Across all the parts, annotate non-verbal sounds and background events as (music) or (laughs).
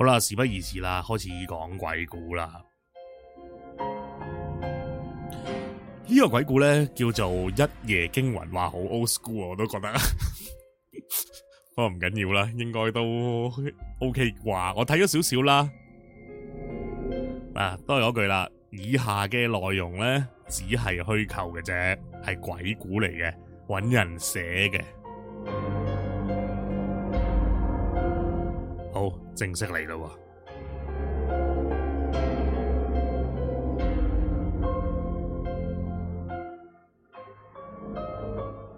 好啦，事不宜遲啦，開始講鬼故啦。呢個鬼故咧叫做《一夜驚魂》，話好 old school，啊、我都覺得。不過唔緊要啦，應該都 OK 啩。我睇咗少少啦。啊，都係嗰句啦。以下嘅內容咧，只係虛構嘅啫，係鬼故嚟嘅，搵人寫嘅。正式嚟啦喎，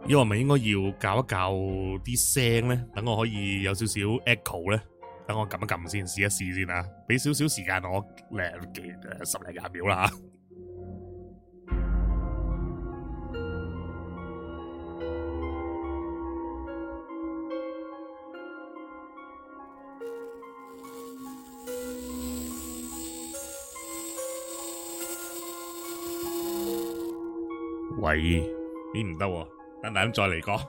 呢個咪應該要教一教啲聲咧，等我可以有少少 echo 咧，等我撳一撳先，試一試先啦，俾少少時間我，誒，十零廿秒啦。喂，咦唔得，等等再嚟講。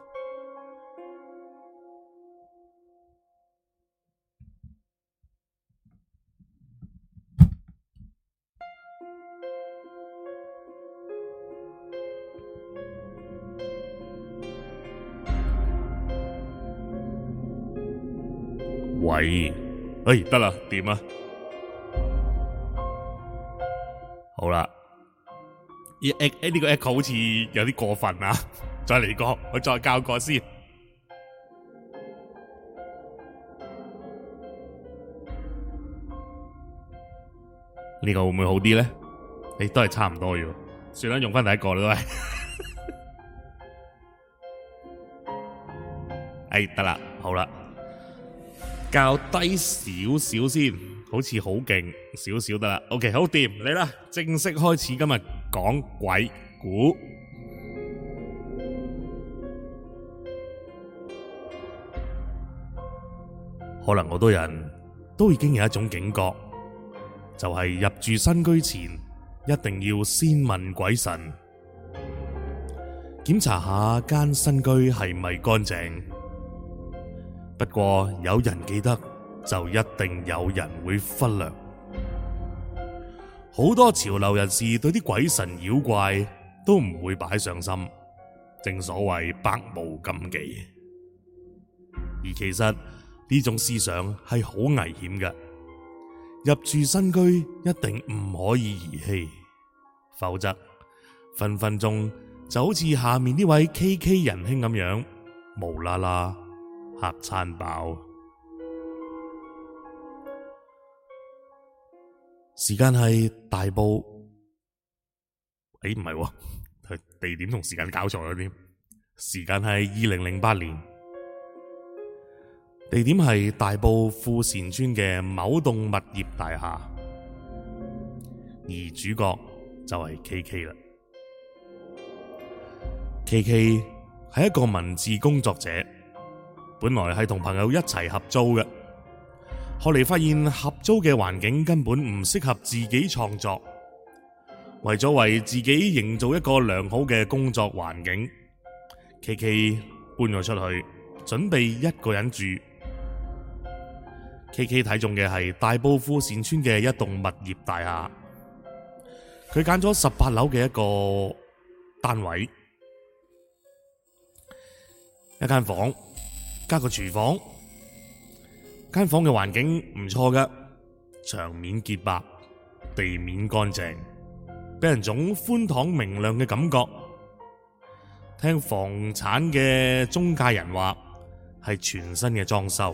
喂，哎，得啦，點啊？好啦。誒呢個 echo 好似有啲過分啊！再嚟過，我再教過先。呢個會唔會好啲咧？你、哎、都係差唔多要，算啦，用翻第一個啦。誒，得 (laughs) 啦、哎，好啦，教低少少先，好似好勁少少得啦。OK，好掂嚟啦，正式開始今日。講鬼故，可能好多人都已經有一種警覺，就係入住新居前一定要先問鬼神，檢查下間新居係咪乾淨。不過有人記得，就一定有人會忽略。好多潮流人士對啲鬼神妖怪都唔會擺上心，正所謂百無禁忌。而其實呢種思想係好危險嘅，入住新居一定唔可以兒戲，否則分分鐘就好似下面呢位 KK 仁兄咁樣，無啦啦嚇餐飽。時間係大埔，誒、欸，唔係，啊，地點同時間搞錯咗添。時間係二零零八年，地點係大埔富善村嘅某棟物業大廈，而主角就係琪琪啦。琪琪係一個文字工作者，本來係同朋友一齊合租嘅。後嚟發現合租嘅環境根本唔適合自己創作，為咗為自己營造一個良好嘅工作環境，琪琪搬咗出去，準備一個人住。琪琪睇中嘅係大埔富善村嘅一棟物業大廈，佢揀咗十八樓嘅一個單位，一間房加個廚房。間房嘅環境唔錯㗎，牆面潔白，地面乾淨，俾人種寬敞明亮嘅感覺。聽房產嘅中介人話係全新嘅裝修，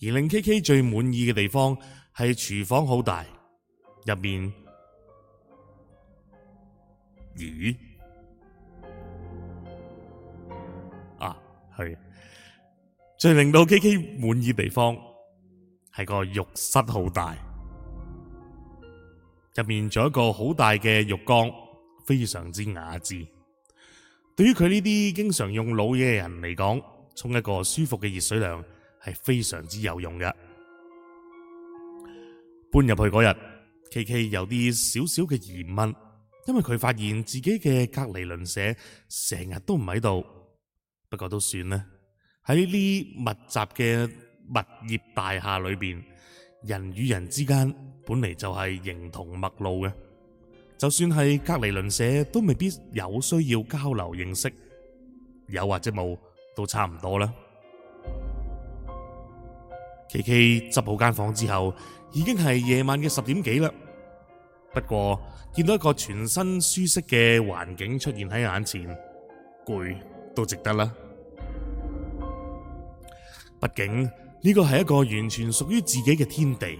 而令 K K 最滿意嘅地方係廚房好大，入面魚啊係。最令到 KK 滿意地方係個浴室好大，入面仲有一個好大嘅浴缸，非常之雅致。對於佢呢啲經常用老嘢嘅人嚟講，沖一個舒服嘅熱水涼係非常之有用嘅。搬入去嗰日，KK 有啲少少嘅疑問，因為佢發現自己嘅隔離鄰舍成日都唔喺度，不過都算啦。喺呢密集嘅物業大廈裏邊，人與人之間本嚟就係形同陌路嘅，就算係隔離鄰舍，都未必有需要交流認識，有或者冇都差唔多啦。琪琪執好間房之後，已經係夜晚嘅十點幾啦。不過見到一個全新舒適嘅環境出現喺眼前，攰都值得啦。畢竟呢個係一個完全屬於自己嘅天地，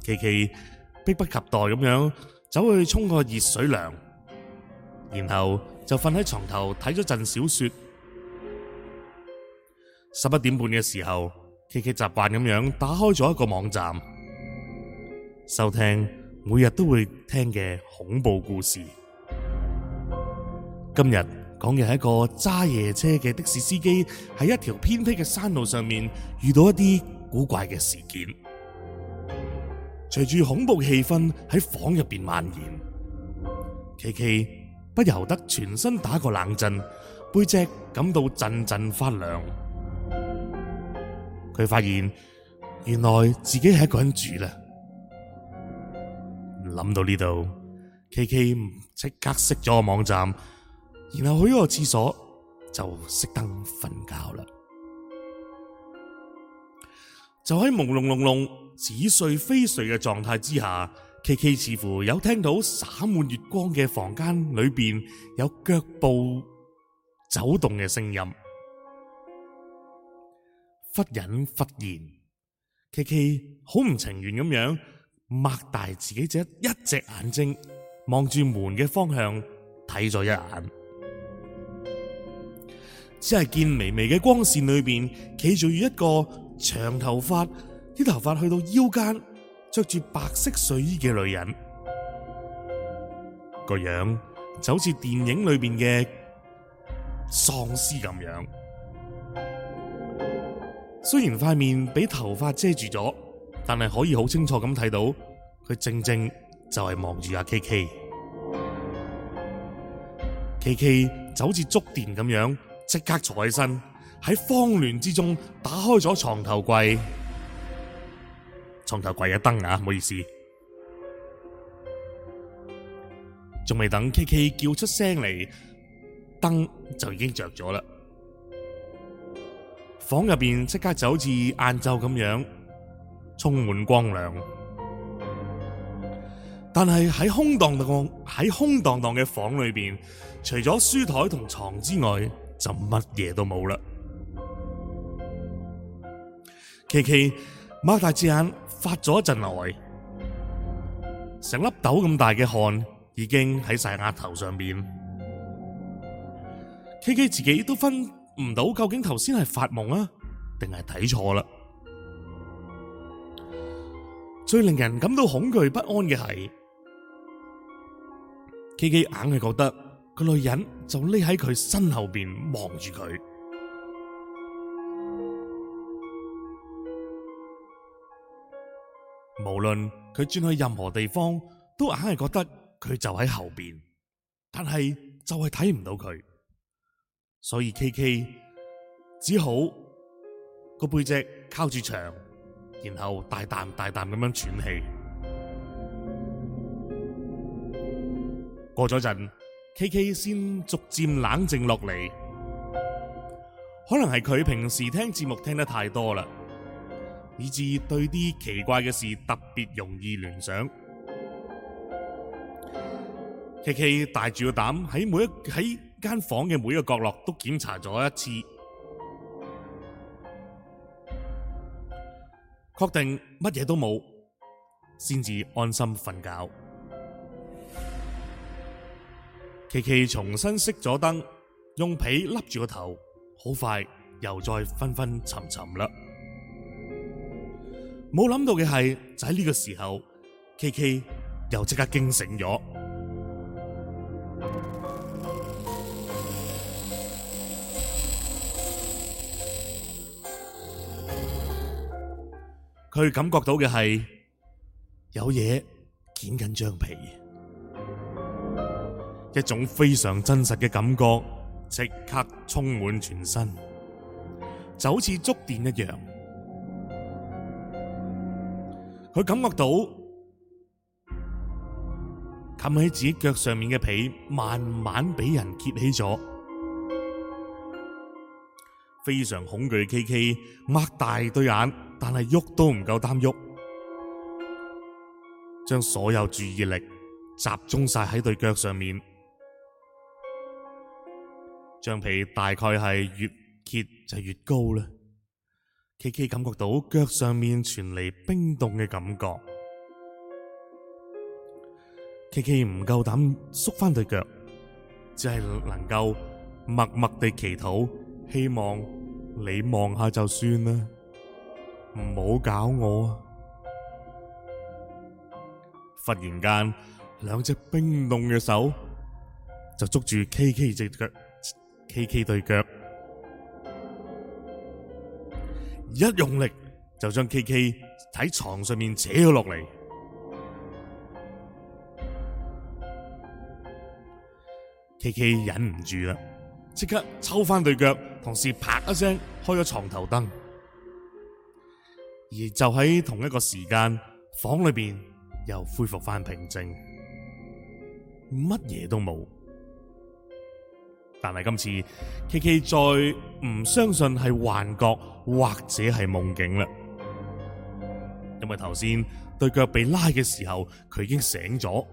琪琪迫不及待咁樣走去沖個熱水涼，然後就瞓喺床頭睇咗陣小說。十一點半嘅時候，琪琪習慣咁樣打開咗一個網站，收聽每日都會聽嘅恐怖故事。今日。講嘅係一個揸夜車嘅的，的士司機喺一條偏僻嘅山路上面遇到一啲古怪嘅事件，隨住恐怖氣氛喺房入邊蔓延，琪琪不由得全身打個冷震，背脊感到陣陣發涼。佢發現原來自己係一個人住啦。諗到呢度，琪琪即刻熄咗個網站。然後去一個廁所就熄燈瞓覺啦。就喺朦朦朧朧、似睡非睡嘅狀態之下，琪琪似乎有聽到灑滿月光嘅房間裏邊有腳步走動嘅聲音，忽隱忽現。琪琪好唔情願咁樣擘大自己隻一隻眼睛，望住門嘅方向睇咗一眼。只係見微微嘅光線裏邊，企住於一個長頭髮、啲頭髮去到腰間、着住白色睡衣嘅女人，個樣就好似電影裏邊嘅喪屍咁樣。雖然塊面俾頭髮遮住咗，但係可以好清楚咁睇到佢正正就係望住阿 K K。K K 就好似觸電咁樣。即刻坐起身，喺慌亂之中打開咗床頭櫃，床頭櫃嘅燈啊，唔好意思，仲未等 KK 叫出聲嚟，燈就已經着咗啦。房入邊即刻就好似晏晝咁樣，充滿光亮。但係喺空蕩蕩喺空蕩蕩嘅房裏邊，除咗書台同床之外，就乜嘢都冇啦。琪琪擘大隻眼，發咗一陣呆，成粒豆咁大嘅汗已經喺晒額頭上面。琪琪自己都分唔到究竟頭先係發夢啊，定係睇錯啦。最令人感到恐懼不安嘅係，琪琪硬係覺得。個女人就匿喺佢身後邊望住佢，無論佢轉去任何地方，都硬係覺得佢就喺後邊，但係就係睇唔到佢，所以 KK 只好個背脊靠住牆，然後大啖大啖咁樣喘氣，過咗陣。KK 先逐漸冷靜落嚟，可能係佢平時聽節目聽得太多啦，以至對啲奇怪嘅事特別容易聯想。KK 大住個膽喺每一喺間房嘅每一個角落都檢查咗一次，確定乜嘢都冇，先至安心瞓覺。琪琪重新熄咗燈，用被笠住個頭，好快又再昏昏沉沉啦。冇諗到嘅係，就喺呢個時候，琪琪又即刻驚醒咗。佢感覺到嘅係，有嘢撿緊張被。一種非常真實嘅感覺，即刻充滿全身，就好似觸電一樣。佢感覺到冚喺自己腳上面嘅被，慢慢俾人揭起咗。非常恐懼 KK，擘大對眼，但係喐都唔夠膽喐，將所有注意力集中晒喺對腳上面。橡皮大概係越揭就越高啦。琪琪感覺到腳上面傳嚟冰凍嘅感覺，琪琪唔夠膽縮翻對腳，只係能夠默默地祈禱，希望你望下就算啦，唔好搞我啊。忽然間，兩隻冰凍嘅手就捉住琪琪隻腳。K K 對腳一用力，就將 K K 喺床上面扯咗落嚟。K K 忍唔住啦，即刻抽翻對腳，同時啪一聲開咗床頭燈。而就喺同一個時間，房裏邊又恢復翻平靜，乜嘢都冇。但係今次，K K 再唔相信係幻覺或者係夢境啦。因為頭先對腳被拉嘅時候，佢已經醒咗。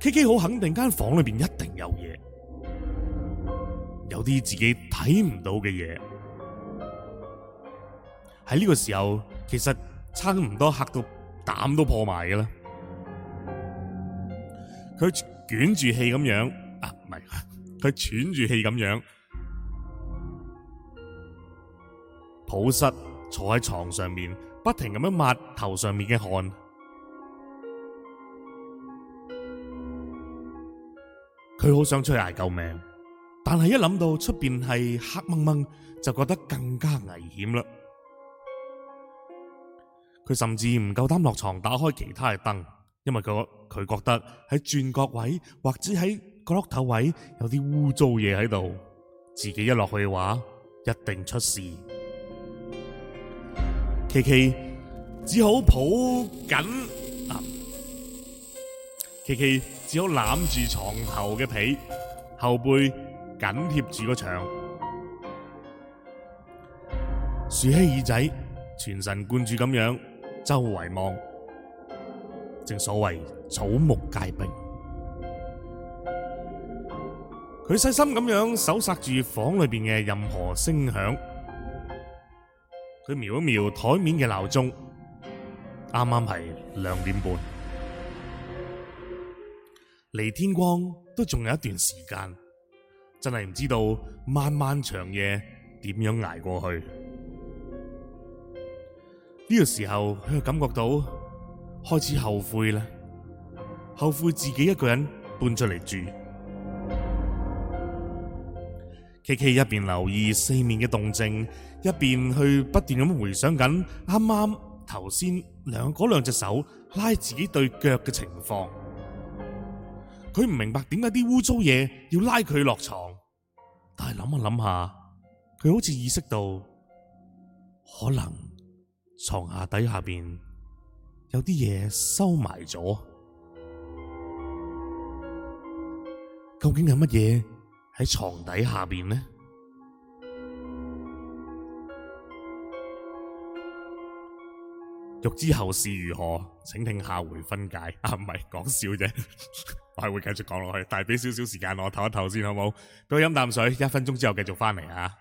K K 好肯定間房裏邊一定有嘢，有啲自己睇唔到嘅嘢。喺呢個時候，其實差唔多嚇到膽都破埋嘅啦。佢捲住氣咁樣。佢喘住氣咁樣，抱膝坐喺床上面，不停咁樣抹頭上面嘅汗。佢好想出去嗌救命，但係一諗到出邊係黑掹掹，就覺得更加危險啦。佢甚至唔夠膽落床打開其他嘅燈，因為佢佢覺得喺轉角位或者喺角落頭位有啲污糟嘢喺度，自己一落去嘅話一定出事。琪琪只好抱緊，啊！琪琪只好攬住床頭嘅被，後背緊貼住個牆，豎起耳仔，全神貫注咁樣周圍望。正所謂草木皆兵。佢細心咁樣搜剎住房裏邊嘅任何聲響，佢瞄一瞄台面嘅鬧鐘，啱啱係兩點半，離天光都仲有一段時間，真係唔知道漫漫長夜點樣捱過去。呢個時候，佢感覺到開始後悔啦，後悔自己一個人搬出嚟住。琪琪一邊留意四面嘅動靜，一邊去不斷咁回想緊啱啱頭先兩嗰兩隻手拉自己對腳嘅情況。佢唔明白點解啲污糟嘢要拉佢落床，但係諗下諗下，佢好似意識到可能床下底下邊有啲嘢收埋咗。究竟係乜嘢？喺床底下邊呢，欲知後事如何，請聽下回分解。啊，唔係講笑啫， (laughs) 我係會繼續講落去，但係俾少少時間我唞一唞先好唔好？俾我飲啖水，一分鐘之後繼續翻嚟啊！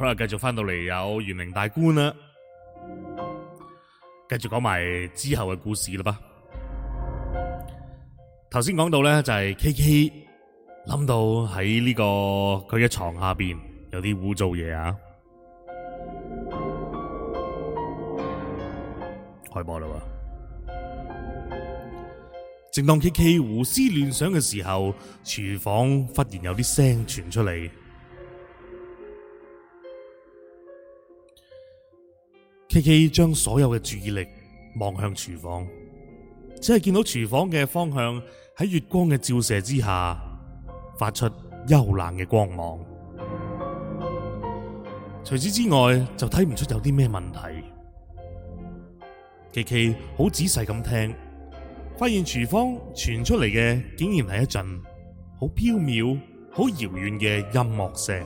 好啦繼續翻到嚟，有玄靈大觀啦，繼續講埋之後嘅故事啦吧。頭先講到咧就係 K K 諗到喺呢個佢嘅床下邊有啲污糟嘢啊，開播啦！正當 K K 胡思亂想嘅時候，廚房忽然有啲聲傳出嚟。琪琪將所有嘅注意力望向廚房，只係見到廚房嘅方向喺月光嘅照射之下發出幽冷嘅光芒。除此之外，就睇唔出有啲咩問題。琪琪好仔細咁聽，發現廚房傳出嚟嘅竟然係一陣好飄渺、好遙遠嘅音樂聲。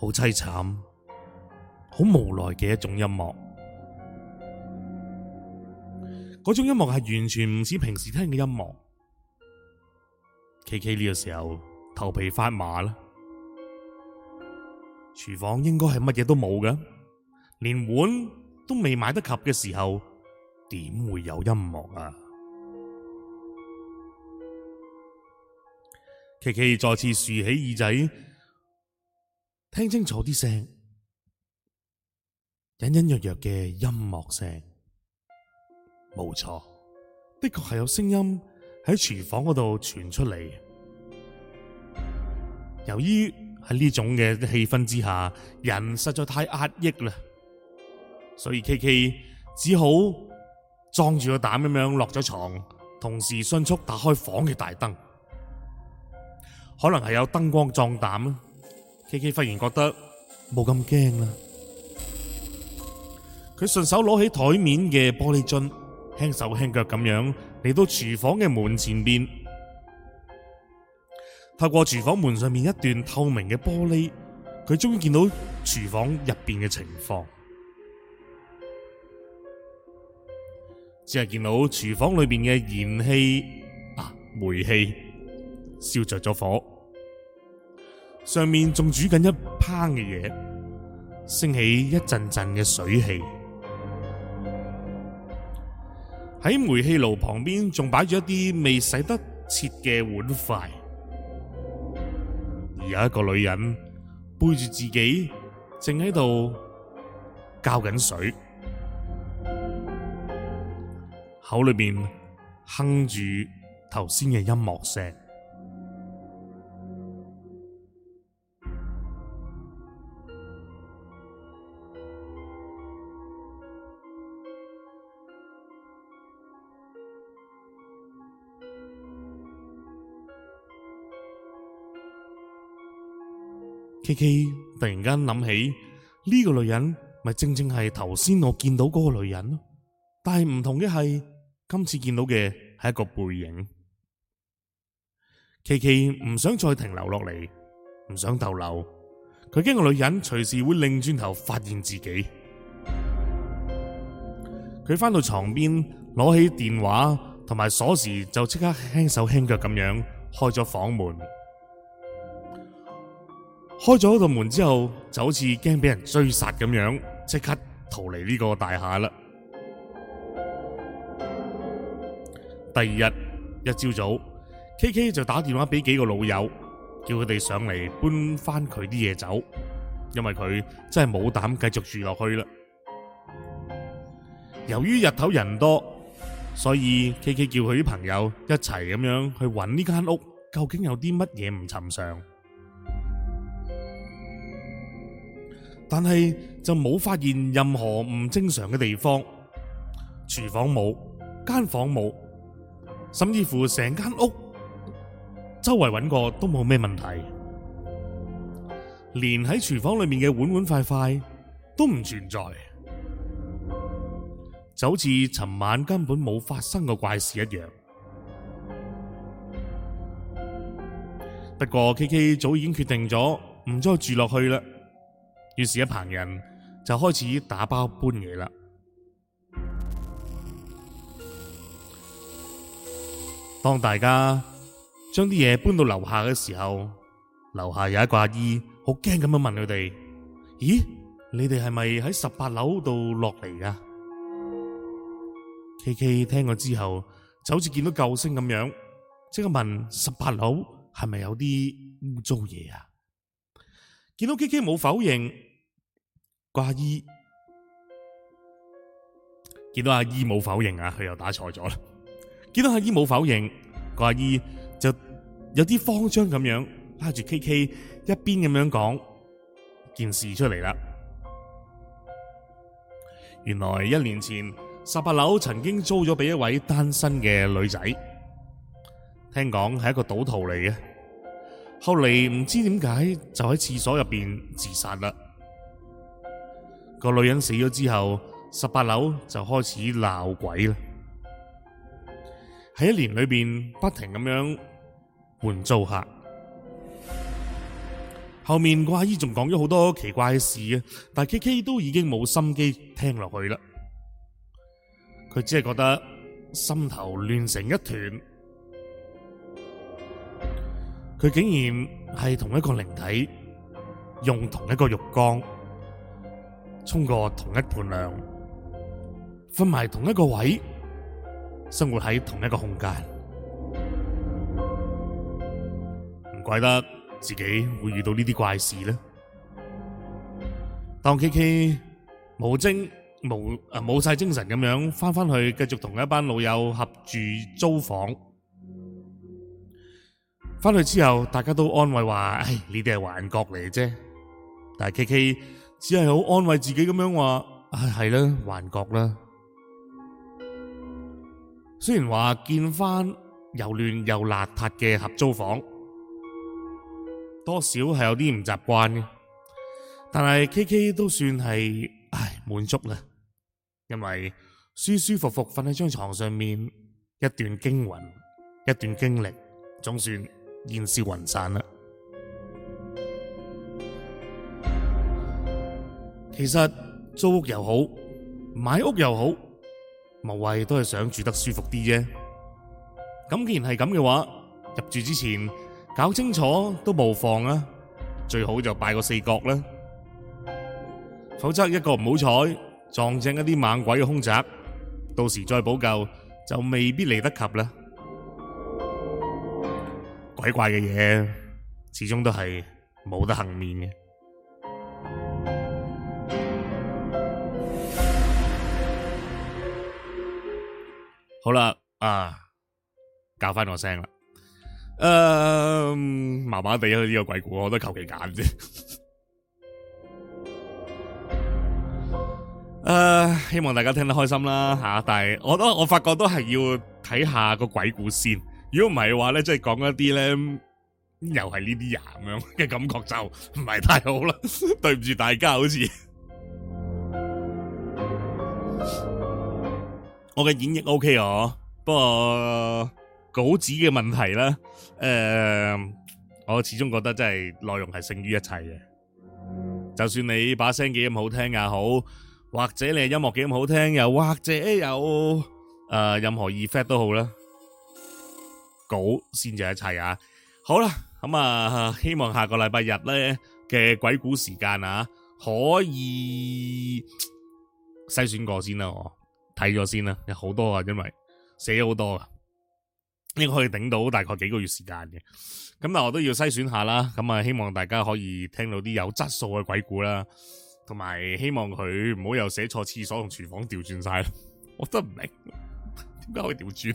好淒慘，好無奈嘅一種音樂。嗰種音樂係完全唔似平時聽嘅音樂。琪琪呢個時候頭皮發麻啦。廚房應該係乜嘢都冇㗎，連碗都未買得及嘅時候，點會有音樂啊？琪琪再次豎起耳仔。聽清楚啲聲，隱隱約約嘅音樂聲，冇錯，的確係有聲音喺廚房嗰度傳出嚟。由於喺呢種嘅氣氛之下，人實在太壓抑啦，所以 KK 只好裝住個膽咁樣落咗床，同時迅速打開房嘅大燈，可能係有燈光壯膽。K K 忽然覺得冇咁驚啦，佢順手攞起台面嘅玻璃樽，輕手輕腳咁樣嚟到廚房嘅門前面，透過廚房門上面一段透明嘅玻璃，佢終於見到廚房入面嘅情況，只係見到廚房裏面嘅燃氣啊煤氣燒着咗火。上面仲煮緊一烹嘅嘢，升起一陣陣嘅水氣。喺煤氣爐旁邊仲擺住一啲未洗得切嘅碗筷，而有一個女人背住自己，正喺度澆緊水，口裏邊哼住頭先嘅音樂聲。琪琪突然間諗起呢個女人，咪正正係頭先我見到嗰個女人咯。但係唔同嘅係，今次見到嘅係一個背影。琪琪唔想再停留落嚟，唔想逗留。佢驚個女人隨時會擰轉頭發現自己。佢翻到床邊，攞起電話同埋鎖匙，就即刻輕手輕腳咁樣開咗房門。開咗度門之後，就好似驚俾人追殺咁樣，即刻逃離呢個大廈啦。第二日一朝早，K K 就打電話俾幾個老友，叫佢哋上嚟搬翻佢啲嘢走，因為佢真係冇膽繼續住落去啦。由於日頭人多，所以 K K 叫佢啲朋友一齊咁樣去搵呢間屋，究竟有啲乜嘢唔尋常？但係就冇發現任何唔正常嘅地方，廚房冇，間房冇，甚至乎成間屋周圍揾過都冇咩問題，連喺廚房裏面嘅碗碗筷筷都唔存在，就好似尋晚根本冇發生過怪事一樣。不過 KK 早已經決定咗唔再住落去啦。於是，一旁人就開始打包搬嘢啦。當大家將啲嘢搬到樓下嘅時候，樓下有一個阿姨，好驚咁樣問佢哋：咦，你哋係咪喺十八樓度落嚟噶？K K 聽咗之後，就好似見到救星咁樣，即刻問十八樓係咪有啲污糟嘢啊？見到 K K 冇否認。個阿姨見到阿姨冇否認啊，佢又打錯咗啦。見到阿姨冇否認，個阿姨就有啲慌張咁樣拉住 K K，一邊咁樣講件事出嚟啦。原來一年前十八樓曾經租咗俾一位單身嘅女仔，聽講係一個賭徒嚟嘅，後嚟唔知點解就喺廁所入邊自殺啦。個女人死咗之後，十八樓就開始鬧鬼啦。喺一年裏邊，不停咁樣換租客。後面個阿姨仲講咗好多奇怪嘅事啊，但 KK 都已經冇心機聽落去啦。佢只係覺得心頭亂成一團。佢竟然係同一個靈體，用同一個浴缸。沖過同一盤涼，瞓埋同一個位，生活喺同一個空間，唔怪得自己會遇到呢啲怪事呢。當 K K 無精無啊冇晒精神咁樣翻翻去繼續同一班老友合住租房，翻去之後大家都安慰話：唉，呢啲係幻覺嚟啫。但係 K K。只係好安慰自己咁樣話，唉，係啦幻覺啦。雖然話見返又亂又邋遢嘅合租房，多少係有啲唔習慣嘅。但係 KK 都算係唉滿足啦，因為舒舒服服瞓喺張床上面，一段驚魂，一段經歷，總算煙消雲散啦。其實租屋又好，買屋又好，無謂都係想住得舒服啲啫。咁既然係咁嘅話，入住之前搞清楚都無妨啊，最好就拜個四角啦，否則一個唔好彩，撞正一啲猛鬼嘅兇宅，到時再補救就未必嚟得及啦。鬼怪嘅嘢，始終都係冇得幸免嘅。好啦，啊，教翻我聲啦，誒、啊嗯，麻麻地啊，呢個鬼故，我都求其揀啫。誒、啊，希望大家聽得開心啦吓、啊，但係我都我發覺都係要睇下個鬼故先。如果唔係嘅話咧，即係講一啲咧，又係呢啲人咁樣嘅感覺就唔係太好啦。對唔住大家，好似。 (music) (music) 我嘅演繹 OK 哦、啊，不過、呃、稿子嘅問題啦、啊、誒、呃，我始終覺得真係內容係勝於一切嘅。就算你把聲幾咁好聽也好，或者你係音樂幾咁好聽也好，又或者有誒、呃、任何 effect 都好啦，稿先至係一切啊。好啦，咁、嗯、啊，希望下個禮拜日咧嘅鬼故時間啊，可以篩選過先啦、啊、我，睇咗先啦，有好多啊，因為寫咗好多啊，應該可以頂到大概幾個月時間嘅。咁啊，我都要篩選下啦。咁啊，希望大家可以聽到啲有質素嘅鬼故啦，同埋希望佢唔好又寫錯廁所同廚房調轉晒。我真唔明點解可以調轉，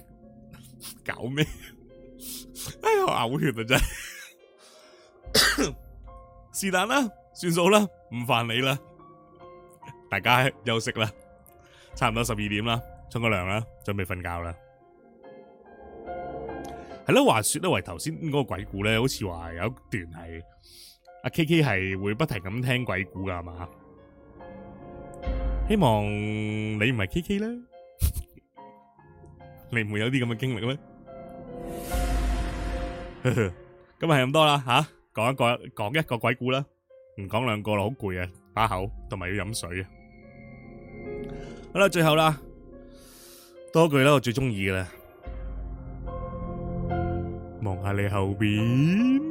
搞咩？哎呀，嘔血啊！真係是但啦，算數啦，唔煩你啦，大家休息啦。差唔多十二點啦，沖個涼啦，準備瞓覺啦。係咯，話說咧，為頭先嗰個鬼故咧，好似話有一段係阿 K K 係會不停咁聽鬼故噶，係嘛？希望你唔係 K K 咧，你唔會有啲咁嘅經歷咩？咁啊，係咁多啦吓，講一個講一個鬼故啦，唔講兩個咯，好攰啊，把口同埋要飲水啊。好啦，最後啦，多句啦，我最鍾意嘅啦，望下你後邊。